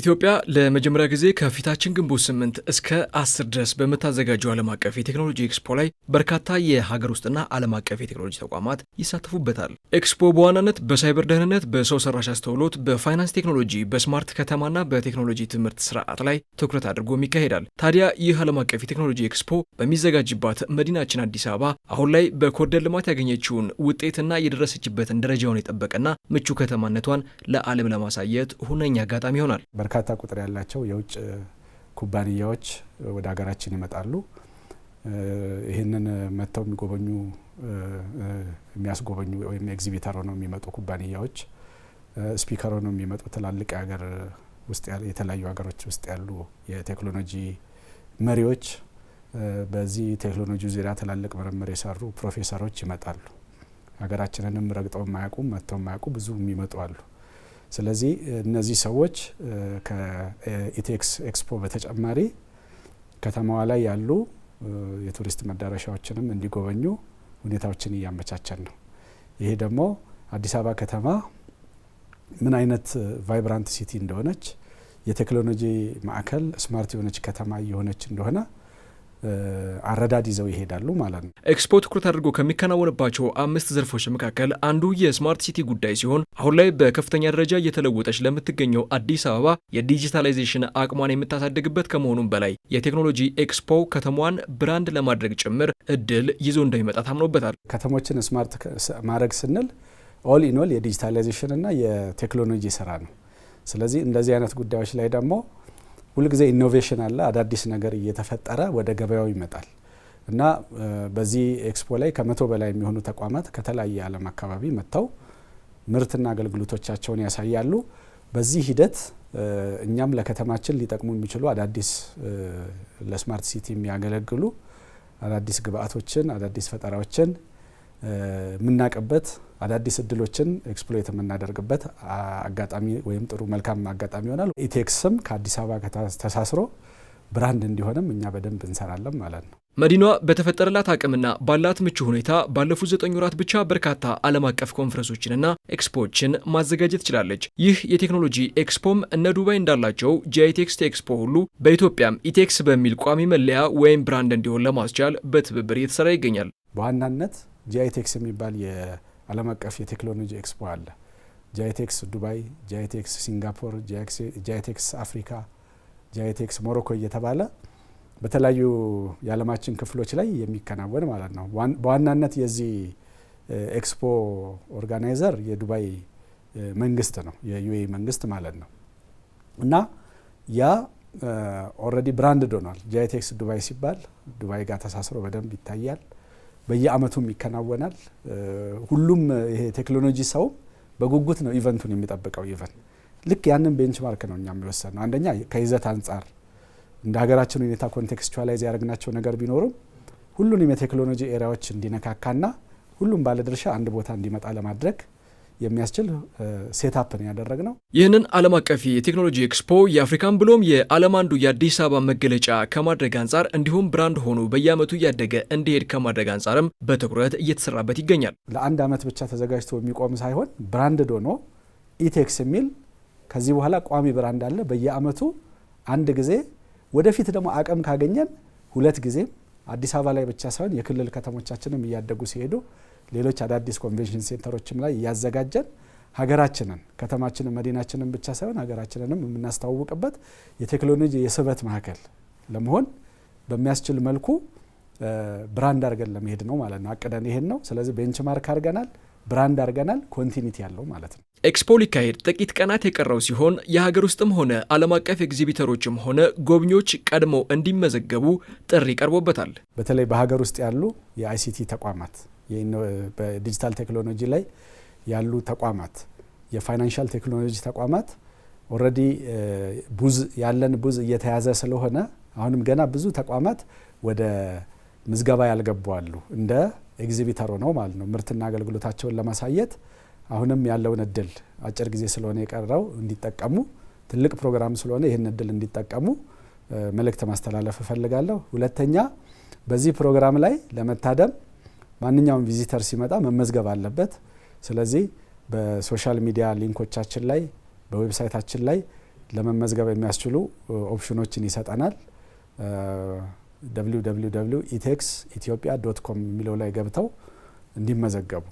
ኢትዮጵያ ለመጀመሪያ ጊዜ ከፊታችን ግንቦት ስምንት እስከ አስር ድረስ በምታዘጋጀው ዓለም አቀፍ የቴክኖሎጂ ኤክስፖ ላይ በርካታ የሀገር ውስጥና ዓለም አቀፍ የቴክኖሎጂ ተቋማት ይሳተፉበታል። ኤክስፖ በዋናነት በሳይበር ደህንነት፣ በሰው ሰራሽ አስተውሎት፣ በፋይናንስ ቴክኖሎጂ፣ በስማርት ከተማና በቴክኖሎጂ ትምህርት ስርዓት ላይ ትኩረት አድርጎም ይካሄዳል። ታዲያ ይህ ዓለም አቀፍ የቴክኖሎጂ ኤክስፖ በሚዘጋጅባት መዲናችን አዲስ አበባ አሁን ላይ በኮሪደር ልማት ያገኘችውን ውጤትና የደረሰችበትን ደረጃውን የጠበቀና ምቹ ከተማነቷን ለዓለም ለማሳየት ሁነኛ አጋጣሚ ይሆናል። በርካታ ቁጥር ያላቸው የውጭ ኩባንያዎች ወደ ሀገራችን ይመጣሉ። ይህንን መጥተው የሚጎበኙ የሚያስጎበኙ ወይም ኤግዚቢተር ሆነው የሚመጡ ኩባንያዎች፣ ስፒከር ሆነው የሚመጡ ትላልቅ ሀገር ውስጥ የተለያዩ ሀገሮች ውስጥ ያሉ የቴክኖሎጂ መሪዎች፣ በዚህ ቴክኖሎጂ ዙሪያ ትላልቅ ምርምር የሰሩ ፕሮፌሰሮች ይመጣሉ። ሀገራችንንም ረግጠው የማያውቁ መጥተው የማያውቁ ብዙ የሚመጡ አሉ። ስለዚህ እነዚህ ሰዎች ከኢቴክስ ኤክስፖ በተጨማሪ ከተማዋ ላይ ያሉ የቱሪስት መዳረሻዎችንም እንዲጎበኙ ሁኔታዎችን እያመቻቸን ነው። ይሄ ደግሞ አዲስ አበባ ከተማ ምን አይነት ቫይብራንት ሲቲ እንደሆነች የቴክኖሎጂ ማዕከል ስማርት የሆነች ከተማ እየሆነች እንደሆነ አረዳድ ይዘው ይሄዳሉ ማለት ነው። ኤክስፖ ትኩረት አድርጎ ከሚከናወንባቸው አምስት ዘርፎች መካከል አንዱ የስማርት ሲቲ ጉዳይ ሲሆን አሁን ላይ በከፍተኛ ደረጃ እየተለወጠች ለምትገኘው አዲስ አበባ የዲጂታላይዜሽን አቅሟን የምታሳድግበት ከመሆኑም በላይ የቴክኖሎጂ ኤክስፖ ከተማዋን ብራንድ ለማድረግ ጭምር እድል ይዞ እንደሚመጣ ታምኖበታል። ከተሞችን ስማርት ማድረግ ስንል ኦል ኢን ኦል የዲጂታላይዜሽንና የቴክኖሎጂ ስራ ነው። ስለዚህ እንደዚህ አይነት ጉዳዮች ላይ ደግሞ ሁልጊዜ ኢኖቬሽን አለ፣ አዳዲስ ነገር እየተፈጠረ ወደ ገበያው ይመጣል እና በዚህ ኤክስፖ ላይ ከመቶ በላይ የሚሆኑ ተቋማት ከተለያየ ዓለም አካባቢ መጥተው ምርትና አገልግሎቶቻቸውን ያሳያሉ። በዚህ ሂደት እኛም ለከተማችን ሊጠቅሙ የሚችሉ አዳዲስ ለስማርት ሲቲ የሚያገለግሉ አዳዲስ ግብአቶችን አዳዲስ ፈጠራዎችን የምናቅበት አዳዲስ እድሎችን ኤክስፕሎይት የምናደርግበት አጋጣሚ ወይም ጥሩ መልካም አጋጣሚ ይሆናል። ኢቴክስም ከአዲስ አበባ ተሳስሮ ብራንድ እንዲሆንም እኛ በደንብ እንሰራለን ማለት ነው። መዲናዋ በተፈጠረላት አቅምና ባላት ምቹ ሁኔታ ባለፉት ዘጠኝ ወራት ብቻ በርካታ ዓለም አቀፍ ኮንፈረንሶችንና ኤክስፖዎችን ማዘጋጀት ትችላለች። ይህ የቴክኖሎጂ ኤክስፖም እነ ዱባይ እንዳላቸው ጂአይቴክስ ኤክስፖ ሁሉ በኢትዮጵያም ኢቴክስ በሚል ቋሚ መለያ ወይም ብራንድ እንዲሆን ለማስቻል በትብብር እየተሰራ ይገኛል። በዋናነት ጂአይቴክስ የሚባል የዓለም አቀፍ የቴክኖሎጂ ኤክስፖ አለ። ጂአይቴክስ ዱባይ፣ ጂአይቴክስ ሲንጋፖር፣ ጂአይቴክስ አፍሪካ፣ ጂአይቴክስ ሞሮኮ እየተባለ በተለያዩ የዓለማችን ክፍሎች ላይ የሚከናወን ማለት ነው። በዋናነት የዚህ ኤክስፖ ኦርጋናይዘር የዱባይ መንግስት ነው፣ የዩኤ መንግስት ማለት ነው። እና ያ ኦልሬዲ ብራንድ ዶኗል። ጂአይቴክስ ዱባይ ሲባል ዱባይ ጋር ተሳስሮ በደንብ ይታያል። በየአመቱም ይከናወናል። ሁሉም ይሄ ቴክኖሎጂ ሰው በጉጉት ነው ኢቨንቱን የሚጠብቀው። ኢቨን ልክ ያንን ቤንችማርክ ነው እኛ የሚወሰድ ነው። አንደኛ ከይዘት አንጻር እንደ ሀገራችን ሁኔታ ኮንቴክስቹዋላይዝ ያደረግናቸው ነገር ቢኖሩም ሁሉንም የቴክኖሎጂ ኤሪያዎች እንዲነካካና ሁሉም ባለድርሻ አንድ ቦታ እንዲመጣ ለማድረግ የሚያስችል ሴታፕ ነው ያደረግነው። ይህንን ዓለም አቀፍ የቴክኖሎጂ ኤክስፖ የአፍሪካን ብሎም የዓለም አንዱ የአዲስ አበባ መገለጫ ከማድረግ አንጻር እንዲሁም ብራንድ ሆኖ በየዓመቱ እያደገ እንዲሄድ ከማድረግ አንጻርም በትኩረት እየተሰራበት ይገኛል። ለአንድ ዓመት ብቻ ተዘጋጅቶ የሚቆም ሳይሆን ብራንድ ዶኖ ኢቴክስ የሚል ከዚህ በኋላ ቋሚ ብራንድ አለ። በየዓመቱ አንድ ጊዜ ወደፊት ደግሞ አቅም ካገኘን ሁለት ጊዜም አዲስ አበባ ላይ ብቻ ሳይሆን የክልል ከተሞቻችንም እያደጉ ሲሄዱ ሌሎች አዳዲስ ኮንቬንሽን ሴንተሮችም ላይ እያዘጋጀን ሀገራችንን ከተማችንን መዲናችንን ብቻ ሳይሆን ሀገራችንንም የምናስተዋውቅበት የቴክኖሎጂ የስበት ማዕከል ለመሆን በሚያስችል መልኩ ብራንድ አድርገን ለመሄድ ነው ማለት ነው። አቅደን ይሄን ነው። ስለዚህ ቤንችማርክ አድርገናል። ብራንድ አድርገናል። ኮንቲኒቲ ያለው ማለት ነው። ኤክስፖ ሊካሄድ ጥቂት ቀናት የቀረው ሲሆን የሀገር ውስጥም ሆነ ዓለም አቀፍ ኤግዚቢተሮችም ሆነ ጎብኚዎች ቀድመው እንዲመዘገቡ ጥሪ ቀርቦበታል። በተለይ በሀገር ውስጥ ያሉ የአይሲቲ ተቋማት፣ በዲጂታል ቴክኖሎጂ ላይ ያሉ ተቋማት፣ የፋይናንሻል ቴክኖሎጂ ተቋማት ኦልሬዲ ቡዝ ያለን ቡዝ እየተያዘ ስለሆነ አሁንም ገና ብዙ ተቋማት ወደ ምዝገባ ያልገቡ አሉ እንደ ኤግዚቢተር ሆነው ማለት ነው ምርትና አገልግሎታቸውን ለማሳየት አሁንም ያለውን እድል አጭር ጊዜ ስለሆነ የቀረው እንዲጠቀሙ ትልቅ ፕሮግራም ስለሆነ ይህን እድል እንዲጠቀሙ መልእክት ማስተላለፍ እፈልጋለሁ። ሁለተኛ በዚህ ፕሮግራም ላይ ለመታደም ማንኛውም ቪዚተር ሲመጣ መመዝገብ አለበት። ስለዚህ በሶሻል ሚዲያ ሊንኮቻችን ላይ በዌብሳይታችን ላይ ለመመዝገብ የሚያስችሉ ኦፕሽኖችን ይሰጠናል። ኢቴክስ ኢትዮጵያ ዶት ኮም የሚለው ላይ ገብተው እንዲመዘገቡ